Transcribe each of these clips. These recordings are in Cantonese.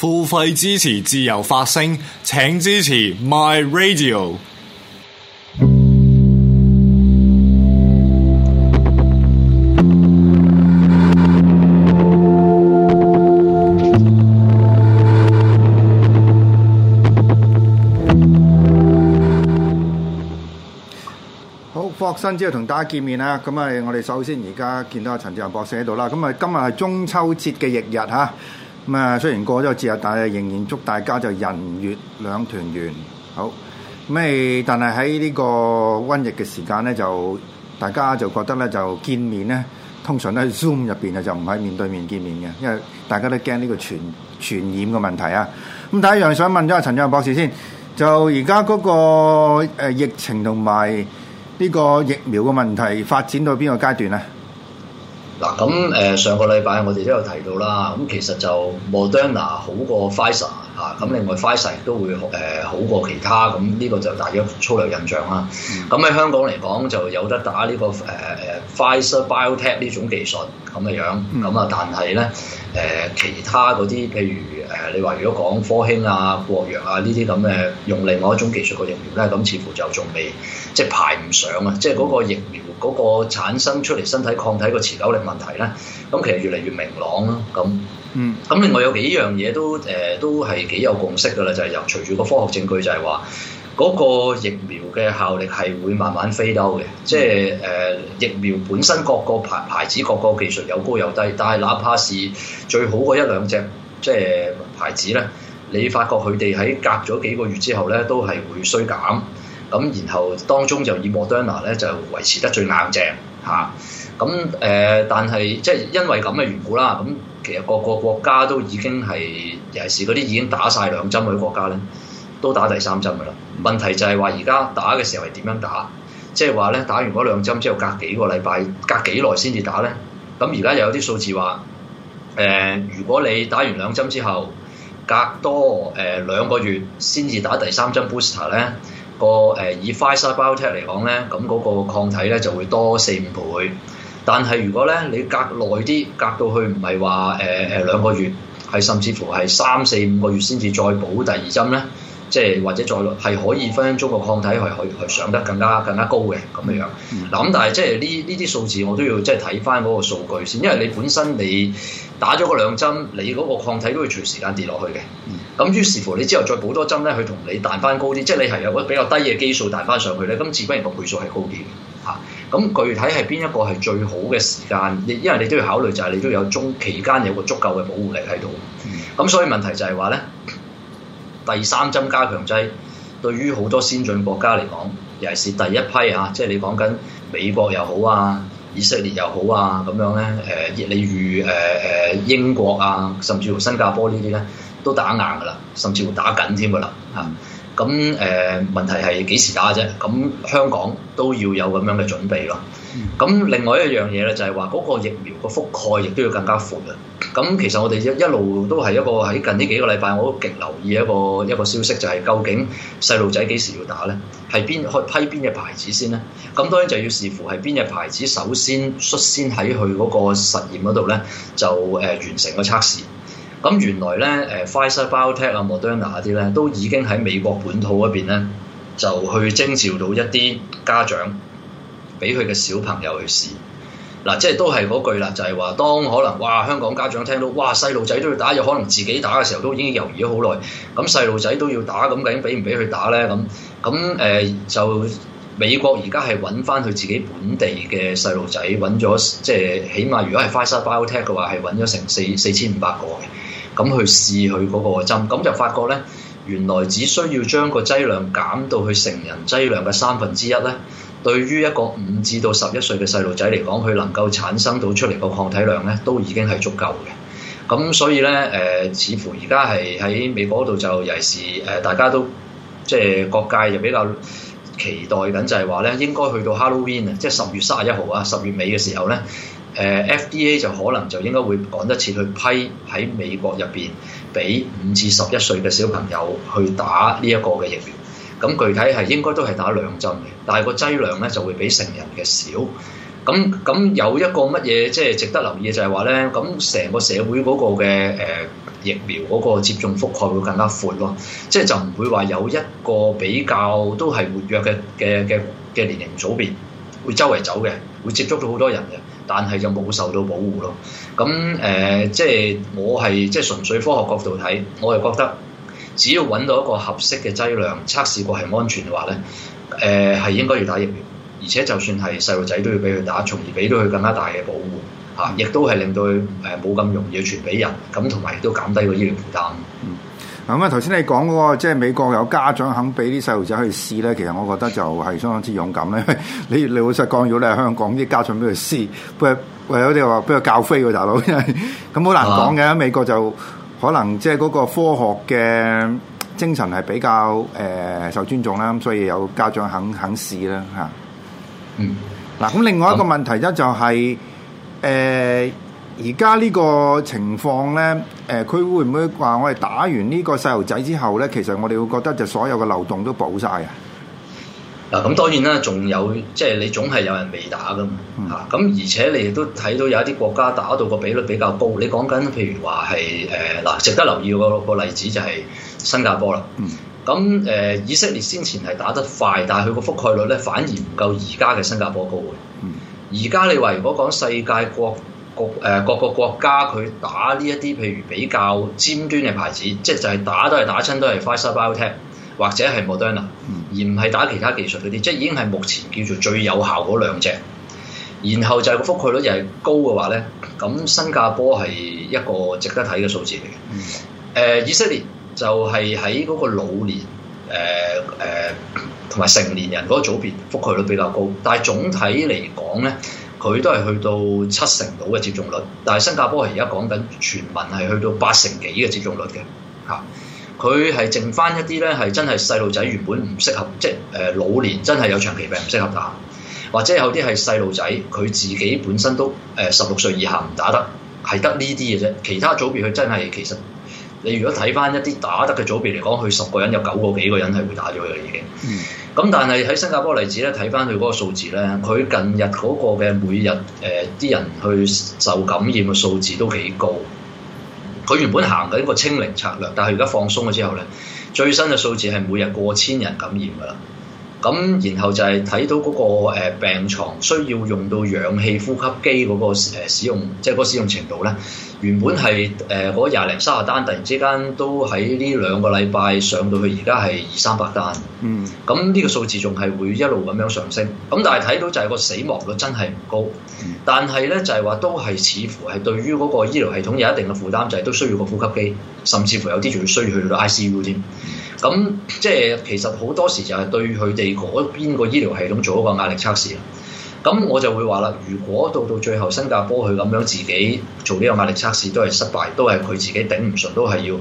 付費支持自由發聲，請支持 My Radio。好，霍士生，之後同大家見面啦。咁啊，我哋首先而家見到阿陳志宏博士喺度啦。咁啊，今日係中秋節嘅翌日吓。咁啊，雖然過咗節日，但係仍然祝大家就人月兩團圓。好，咁但係喺呢個瘟疫嘅時間咧，就大家就覺得咧就見面咧，通常都喺 Zoom 入邊啊，就唔喺面對面見面嘅，因為大家都驚呢個傳傳染嘅問題啊。咁第一樣想問咗阿陳志宏博士先，就而家嗰個疫情同埋呢個疫苗嘅問題發展到邊個階段啊？嗱咁誒，上個禮拜我哋都有提到啦，咁、嗯、其實就 Moderna 好過 Pfizer。啊，咁另外輝瑞都會誒、呃、好過其他，咁呢個就大約粗略印象啦。咁喺、嗯、香港嚟講就有得打呢、呢個誒輝瑞、呃、BioNTech 呢種技術咁嘅樣，咁啊，但係咧誒其他嗰啲譬如誒、呃、你話如果講科興啊、國藥啊呢啲咁嘅用另外一種技術嘅疫苗咧，咁似乎就仲未即係排唔上啊，即係嗰、嗯、個疫苗嗰、嗰個產生出嚟身體抗體嘅持久力問題咧，咁其實越嚟越明朗啦，咁。越來越來越嗯，咁另外有幾樣嘢都誒、呃、都係幾有共識噶啦，就係、是、由隨住個科學證據就，就係話嗰個疫苗嘅效力係會慢慢 fade out 嘅，即係誒疫苗本身各個牌牌子、各個技術有高有低，但係哪怕是最好嘅一兩隻即係、就是、牌子咧，你發覺佢哋喺隔咗幾個月之後咧，都係會衰減。咁然後當中就以 Moderna 咧就維持得最硬正嚇，咁、啊、誒、呃，但係即係因為咁嘅緣故啦，咁。其實個個國家都已經係，尤其是嗰啲已經打晒兩針嗰啲國家咧，都打第三針噶啦。問題就係話而家打嘅時候係點樣打？即係話咧，打完嗰兩針之後隔幾個禮拜，隔幾耐先至打咧？咁而家又有啲數字話，誒、呃，如果你打完兩針之後隔多誒兩、呃、個月先至打第三針 booster 咧，個誒、呃、以 Pfizer BioNTech 嚟講咧，咁嗰個抗體咧就會多四五倍。但係如果咧，你隔耐啲，隔到去唔係話誒誒兩個月，係甚至乎係三四五個月先至再補第二針咧，即係或者再係可以分分鐘個抗體係可以係上得更加更加高嘅咁樣樣。嗱咁、嗯啊，但係即係呢呢啲數字我都要即係睇翻嗰個數據先，因為你本身你打咗個兩針，你嗰個抗體都會隨時間跌落去嘅。咁於、嗯、是乎你之後再補多針咧，佢同你彈翻高啲，即係你係有個比較低嘅基數彈翻上去咧，咁自然個倍數係高啲。咁具體係邊一個係最好嘅時間？亦因為你都要考慮，就係你都有中期間有個足夠嘅保護力喺度、嗯。咁所以問題就係話咧，第三針加強劑對於好多先進國家嚟講，尤其是第一批啊，即係你講緊美國又好啊、以色列又好啊咁樣咧，誒、呃，例如誒誒英國啊，甚至乎新加坡呢啲咧，都打硬噶啦，甚至乎打緊添噶啦，啊、嗯！咁誒、呃、問題係幾時打啫？咁香港都要有咁樣嘅準備咯。咁、嗯、另外一樣嘢咧，就係話嗰個疫苗個覆蓋亦都要更加闊啊。咁其實我哋一一路都係一個喺近呢幾個禮拜，我都極留意一個一個消息，就係究竟細路仔幾時要打呢？係邊去批邊隻牌子先呢？咁當然就要視乎係邊隻牌子首先率先喺佢嗰個實驗嗰度呢，就誒、呃、完成個測試。咁原來咧，誒，Pfizer、BioNTech 啊、Moderna 啲咧，都已經喺美國本土嗰邊咧，就去徵召到一啲家長，俾佢嘅小朋友去試。嗱、啊，即係都係嗰句啦，就係、是、話，當可能哇，香港家長聽到哇，細路仔都要打，有可能自己打嘅時候都已經猶豫咗好耐。咁細路仔都要打，咁究竟俾唔俾佢打咧？咁咁誒，就美國而家係揾返佢自己本地嘅細路仔，揾咗即係起碼如果係 Pfizer、BioNTech 嘅話，係揾咗成四四千五百個嘅。咁去試佢嗰個針，咁就發覺呢，原來只需要將個劑量減到去成人劑量嘅三分之一呢，對於一個五至到十一歲嘅細路仔嚟講，佢能夠產生到出嚟個抗體量呢，都已經係足夠嘅。咁所以呢，誒、呃，似乎而家係喺美國嗰度就尤其是誒、呃，大家都即係、就是、各界又比較期待緊，就係話呢應該去到 Halloween 啊，即係十月三十一號啊，十月尾嘅時候呢。FDA 就可能就應該會趕得切去批喺美國入邊，俾五至十一歲嘅小朋友去打呢一個嘅疫苗。咁具體係應該都係打兩針嘅，但係個劑量呢就會比成人嘅少。咁咁有一個乜嘢即係值得留意就係話呢，咁成個社會嗰個嘅誒疫苗嗰個接種覆蓋會更加闊咯。即係就唔會話有一個比較都係活躍嘅嘅嘅嘅年齡組別會周圍走嘅，會接觸到好多人嘅，但係就冇受到保護咯。咁誒、呃，即係我係即係純粹科學角度睇，我係覺得只要揾到一個合適嘅劑量，測試過係安全嘅話呢，誒係、呃、應該要打疫苗。而且就算係細路仔都要俾佢打，從而俾到佢更加大嘅保護吓，亦、啊、都係令到佢冇咁容易傳俾人。咁同埋亦都減低個醫療負擔。咁啊，頭先、嗯、你講嗰個，即係美國有家長肯俾啲細路仔去試咧，其實我覺得就係相當之勇敢咧。你，你老實講，如果你喺香港啲家長俾佢試，佢，佢有啲話俾佢教飛大佬，咁好難講嘅。啊、美國就可能即係嗰個科學嘅精神係比較誒、呃、受尊重啦，咁所以有家長肯，肯試啦嚇。啊、嗯。嗱、啊，咁另外一個問題咧就係誒而家呢個情況咧。誒，佢、呃、會唔會話我哋打完呢個細路仔之後呢？其實我哋會覺得就所有嘅漏洞都補晒嘅。嗱、啊，咁當然啦，仲有即係你總係有人未打㗎嘛。咁而且你亦都睇到有一啲國家打到個比率比較高。你講緊譬如話係誒嗱，值得留意個例子就係新加坡啦。咁誒、嗯啊，以色列先前係打得快，但係佢個覆蓋率呢反而唔夠而家嘅新加坡高。嗯。而家你話如果講世界國。各各個國家佢打呢一啲譬如比較尖端嘅牌子，即係就係打都係打親都係 Pfizer BioNTech 或者係 Moderna，而唔係打其他技術嗰啲，即係已經係目前叫做最有效嗰兩隻。然後就係個覆蓋率又係高嘅話咧，咁新加坡係一個值得睇嘅數字嚟嘅。誒、嗯呃、以色列就係喺嗰個老年誒誒同埋成年人嗰個組別覆蓋率比較高，但係總體嚟講咧。佢都係去到七成到嘅接種率，但係新加坡係而家講緊全民係去到八成幾嘅接種率嘅，嚇佢係剩翻一啲咧，係真係細路仔原本唔適合，即係誒、呃、老年真係有長期病唔適合打，或者有啲係細路仔佢自己本身都誒、呃、十六歲以下唔打得，係得呢啲嘅啫，其他組別佢真係其實你如果睇翻一啲打得嘅組別嚟講，佢十個人有九個幾個人係會打咗佢已經。嗯咁但係喺新加坡例子咧，睇返佢嗰個數字咧，佢近日嗰個嘅每日誒啲、呃、人去受感染嘅數字都幾高。佢原本行緊一個清零策略，但係而家放鬆咗之後咧，最新嘅數字係每日過千人感染㗎啦。咁然後就係睇到嗰個病床需要用到氧氣呼吸機嗰個使用，即係嗰個使用程度咧，原本係誒嗰廿零卅單，突然之間都喺呢兩個禮拜上到去而家係二三百單。嗯，咁呢個數字仲係會一路咁樣上升。咁但係睇到就係個死亡率真係唔高，但係咧就係、係、話都係似乎係對於嗰個醫療系統有一定嘅負擔，就係都需要個呼吸機，甚至乎有啲仲要需要去到 ICU 添。咁即係其實好多時就係對佢哋嗰邊個醫療系統做一個壓力測試。咁我就會話啦，如果到到最後新加坡佢咁樣自己做呢個壓力測試都係失敗，都係佢自己頂唔順，都係要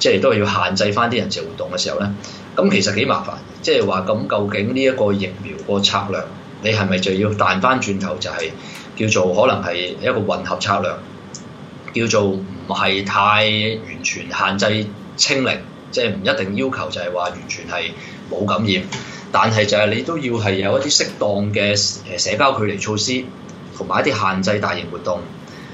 即係都係要限制翻啲人際活動嘅時候呢。咁其實幾麻煩。即係話咁究竟呢一個疫苗個策略，你係咪就要彈翻轉頭就係、是、叫做可能係一個混合策略，叫做唔係太完全限制清零？即係唔一定要求就係、是、話完全係冇感染，但係就係你都要係有一啲適當嘅誒社交距離措施，同埋一啲限制大型活動，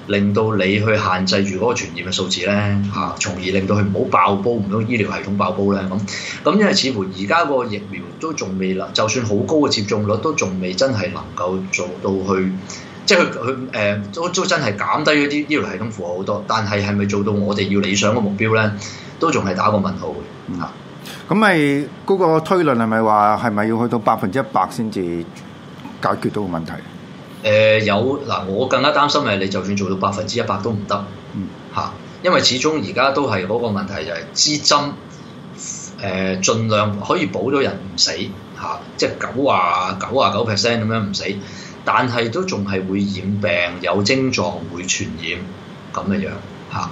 令到你去限制住嗰個傳染嘅數字咧嚇，從、啊、而令到佢唔好爆煲，唔好醫療系統爆煲咧咁。咁因為似乎而家個疫苗都仲未能，就算好高嘅接種率都仲未真係能夠做到去，即係佢佢誒都都真係減低一啲醫療系統負荷好多，但係係咪做到我哋要理想嘅目標咧？都仲係打個問號嘅，嗱、嗯，咁咪嗰個推論係咪話係咪要去到百分之一百先至解決到個問題？誒、呃、有嗱，我更加擔心係你就算做到百分之一百都唔得，嗯嚇，因為始終而家都係嗰個問題就係、是、資針誒，儘、呃、量可以保到人唔死嚇、啊，即係九啊九啊九 percent 咁樣唔死，但係都仲係會染病有症狀會傳染咁嘅樣嚇。啊。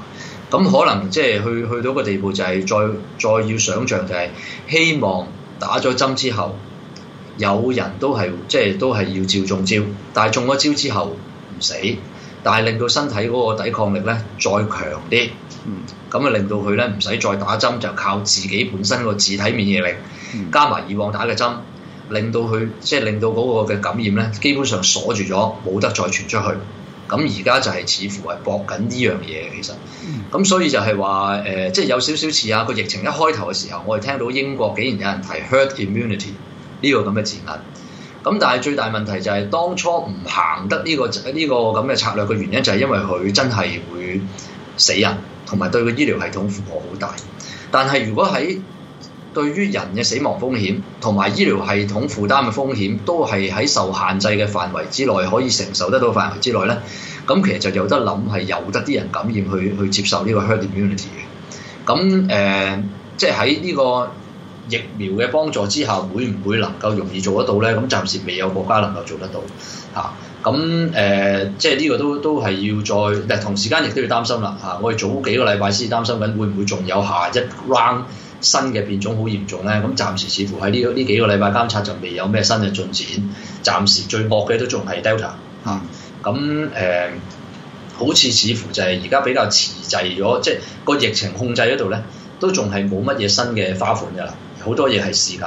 咁、嗯、可能即係去去到個地步就係再再要想像就係希望打咗針之後，有人都係即係都係要照中招，但係中咗招之後唔死，但係令到身體嗰個抵抗力咧再強啲，嗯，咁啊令到佢咧唔使再打針，就靠自己本身個自體免疫力，嗯、加埋以往打嘅針，令到佢即係令到嗰個嘅感染咧基本上鎖住咗，冇得再傳出去。咁而家就係似乎係搏緊呢樣嘢，其實，咁所以就係話，誒、呃，即、就、係、是、有少少似啊個疫情一開頭嘅時候，我哋聽到英國竟然有人提 herd immunity 呢、這個咁嘅字眼，咁但係最大問題就係、是、當初唔行得呢、這個呢、這個咁嘅策略嘅原因就係因為佢真係會死人，同埋對個醫療系統負荷好大，但係如果喺對於人嘅死亡風險同埋醫療系統負擔嘅風險，都係喺受限制嘅範圍之內可以承受得到範圍之內咧。咁其實就有得諗係由得啲人感染去去接受呢個 herd immunity 嘅。咁誒、呃，即係喺呢個疫苗嘅幫助之下，會唔會能夠容易做得到咧？咁暫時未有國家能夠做得到嚇。咁、啊、誒、呃，即係呢個都都係要再，但同時間亦都要擔心啦嚇、啊。我哋早幾個禮拜先擔心緊會唔會仲有下一 round。新嘅變種好嚴重咧，咁暫時似乎喺呢呢幾個禮拜監察就未有咩新嘅進展。暫時最惡嘅都仲係 Delta 嚇，咁、呃、誒好似似乎就係而家比較遲滯咗，即係個疫情控制嗰度咧都仲係冇乜嘢新嘅花款㗎啦。好多嘢係試緊，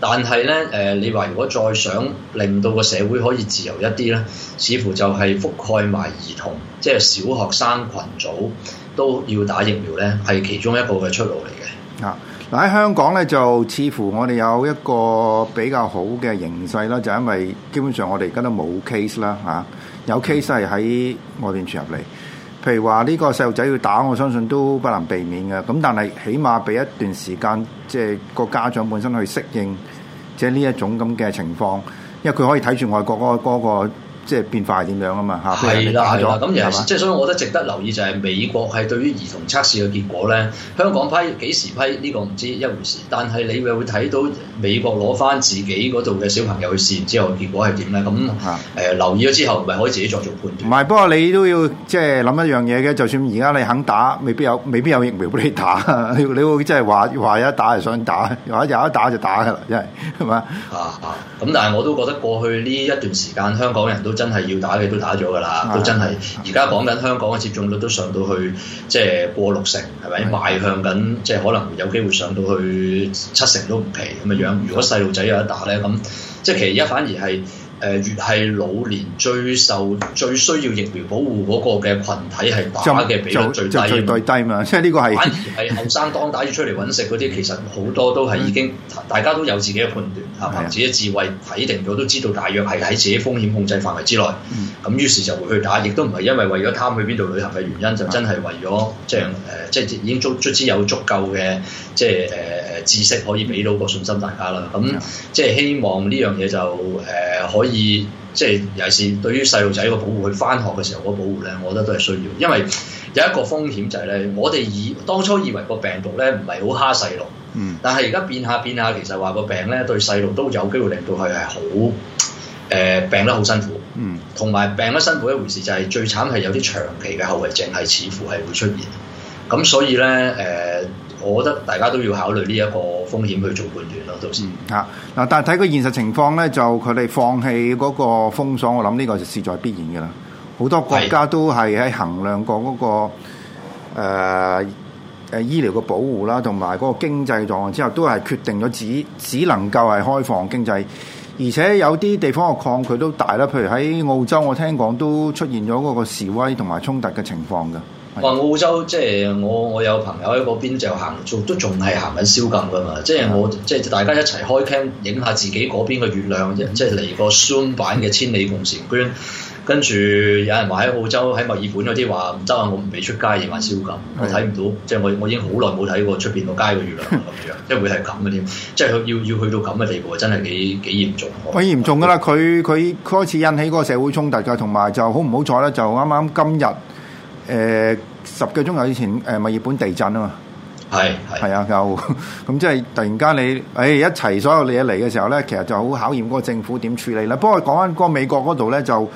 但係咧誒，你話如果再想令到個社會可以自由一啲咧，似乎就係覆蓋埋兒童，即係小學生群組都要打疫苗咧，係其中一個嘅出路嚟嘅。啊！嗱喺香港咧就似乎我哋有一個比較好嘅形勢啦，就係因為基本上我哋而家都冇 case 啦、啊、吓，有 case 係喺外邊傳入嚟。譬如話呢個細路仔要打，我相信都不能避免嘅。咁但係起碼俾一段時間，即係個家長本身去適應，即係呢一種咁嘅情況，因為佢可以睇住外國嗰、嗰、嗰、個嗰個即係變化係點樣啊嘛嚇，係啦係啦，咁而係即係所以，我覺得值得留意就係美國係對於兒童測試嘅結果咧，香港批幾時批呢個唔知一回事，但係你咪會睇到美國攞翻自己嗰度嘅小朋友去試完之後結果係點咧？咁誒留意咗之後，咪可以自己再做判斷。唔係，不過你都要即係諗一樣嘢嘅，就算而家你肯打，未必有未必有疫苗俾你打。你會即係話話一打就想打，話有一打就打噶啦，因為係咪啊？咁但係我都覺得過去呢一段時間，香港人都～真係要打嘅都打咗噶啦，都真係而家講緊香港嘅接種率都上到去即係過六成，係咪？邁向緊？即係可能有機會上到去七成都唔奇咁嘅樣。如果細路仔有得打咧，咁即係其實而家反而係。誒越係老年最受最需要疫苗保護嗰個嘅群體係打嘅比率最低，最低嘛，即係呢個係。反而係後生當打要出嚟揾食嗰啲，其實好多都係已經大家都有自己嘅判斷，mm. 啊，憑自己嘅智慧睇定咗，都知道大約係喺自己風險控制範圍之內。咁，mm. 於是就會去打，亦都唔係因為為咗貪去邊度旅行嘅原因，就真係為咗即係誒，即係已經足足之有足夠嘅即係誒知識可以俾到個信心大家啦。咁，嗯，即係希望呢樣嘢就誒可。呃所以即係尤其是對於細路仔個保護，佢翻學嘅時候嗰個保護咧，我覺得都係需要。因為有一個風險就係、是、咧，我哋以當初以為個病毒咧唔係好蝦細路，嗯，但係而家變下變下，其實話個病咧對細路都有機會令到佢係好誒、呃、病得好辛苦，嗯，同埋病得辛苦一回事、就是，就係最慘係有啲長期嘅後遺症係似乎係會出現。咁所以咧誒。呃我覺得大家都要考慮呢一個風險去做判斷咯，到先、嗯。啊，嗱，但係睇個現實情況咧，就佢哋放棄嗰個封鎖，我諗呢個就事在必然嘅啦。好多國家都係喺衡量過、那個嗰個誒誒醫療嘅保護啦，同埋嗰個經濟狀況之後，都係決定咗只只能夠係開放經濟。而且有啲地方嘅抗拒都大啦，譬如喺澳洲，我聽講都出現咗嗰個示威同埋衝突嘅情況嘅。話澳洲即係我我有朋友喺嗰邊就行，做都仲係行緊宵禁㗎嘛。即係我即係大家一齊開 cam 影下自己嗰邊嘅月亮啫。即係嚟個 Zoom 版嘅千里共嬋娟。跟住有人話喺澳洲喺墨爾本嗰啲話唔得啊，我唔俾出街，夜晚宵禁，嗯、我睇唔到， 即係我我已經好耐冇睇過出邊個街嘅月亮咁樣，即係會係咁嘅添。即係要要去到咁嘅地步，真係幾幾嚴重。好 嚴重㗎啦！佢佢開始引起嗰個社會衝突㗎，同埋就好唔好彩咧？就啱啱今日。 誒、呃、十個鐘頭以前誒咪日本地震啊嘛，係係啊，又咁即係突然間你誒、哎、一齊所有嘢嚟嘅時候咧，其實就好考驗嗰個政府點處理啦。不過講翻嗰美國嗰度咧，就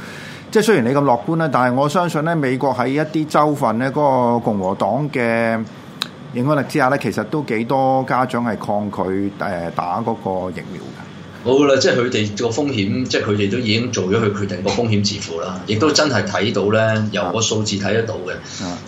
即係雖然你咁樂觀啦，但係我相信咧，美國喺一啲州份咧嗰、那個共和黨嘅影響力之下咧，其實都幾多家長係抗拒誒、呃、打嗰個疫苗嘅。冇啦，即係佢哋個風險，即係佢哋都已經做咗佢決定個風險自負啦。亦都真係睇到咧，由個數字睇得到嘅，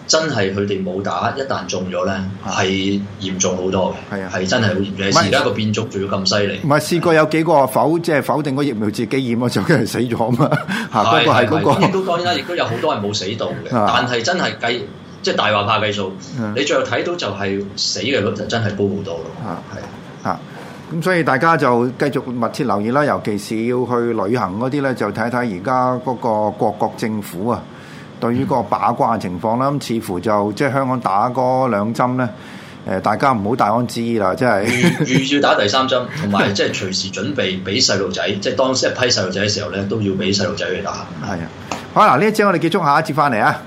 真係佢哋冇打，一旦中咗咧，係嚴重好多嘅。係啊，係真係好嚴重，而家個變種仲要咁犀利。唔係試過有幾個否，即係否定個疫苗自己染，就梗係死咗啊嘛。嚇、 嗰個，嗰個係嗰個。亦都當然啦，亦都有好多係冇死到嘅，但係真係計，即係大話怕計數。你最後睇到就係死嘅率就真係高好多咯。啊，係啊。咁、嗯、所以大家就繼續密切留意啦，尤其是要去旅行嗰啲咧，就睇睇而家嗰個各國政府啊，對於個把關嘅情況啦。咁、嗯嗯、似乎就即係香港打嗰兩針咧，誒大家唔好大安旨意啦，即係預預，預打第三針，同埋即係隨時準備俾細路仔， 即係當時一批細路仔嘅時候咧，都要俾細路仔去打。係啊，好啦，呢一節我哋結束下一，一節翻嚟啊。